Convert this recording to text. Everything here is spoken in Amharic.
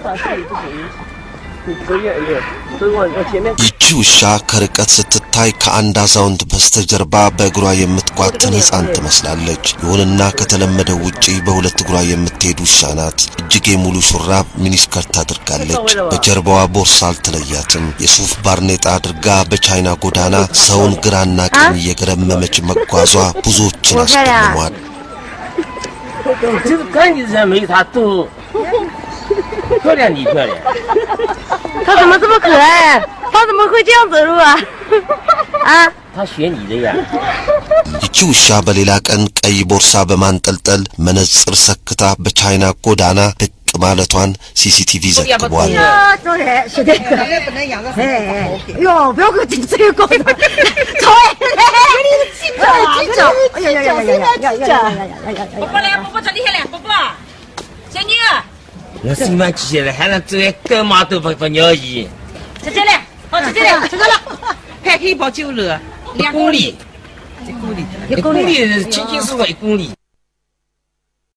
ይቺ ውሻ ከርቀት ስትታይ ከአንድ አዛውንት በስተጀርባ በእግሯ የምትጓትን ሕፃን ትመስላለች። ይሁንና ከተለመደው ውጪ በሁለት እግሯ የምትሄድ ውሻ ናት። እጅጌ ሙሉ ሹራብ ሚኒስከርት አድርጋለች። በጀርባዋ ቦርሳ አልተለያትም። የሱፍ ባርኔጣ አድርጋ በቻይና ጎዳና ሰውን ግራና ቀኝ እየገረመመች መጓዟ ብዙዎችን አስደምሟል። 漂亮你漂亮，他怎么这么可爱？他怎么会这样走路啊？啊？他学你的呀。我上班去了，还能走完，干嘛都不不鸟伊。直接来，好，直接来，知 道了，还可以跑九楼，两公里，一公里，一公里，轻轻松松一公里。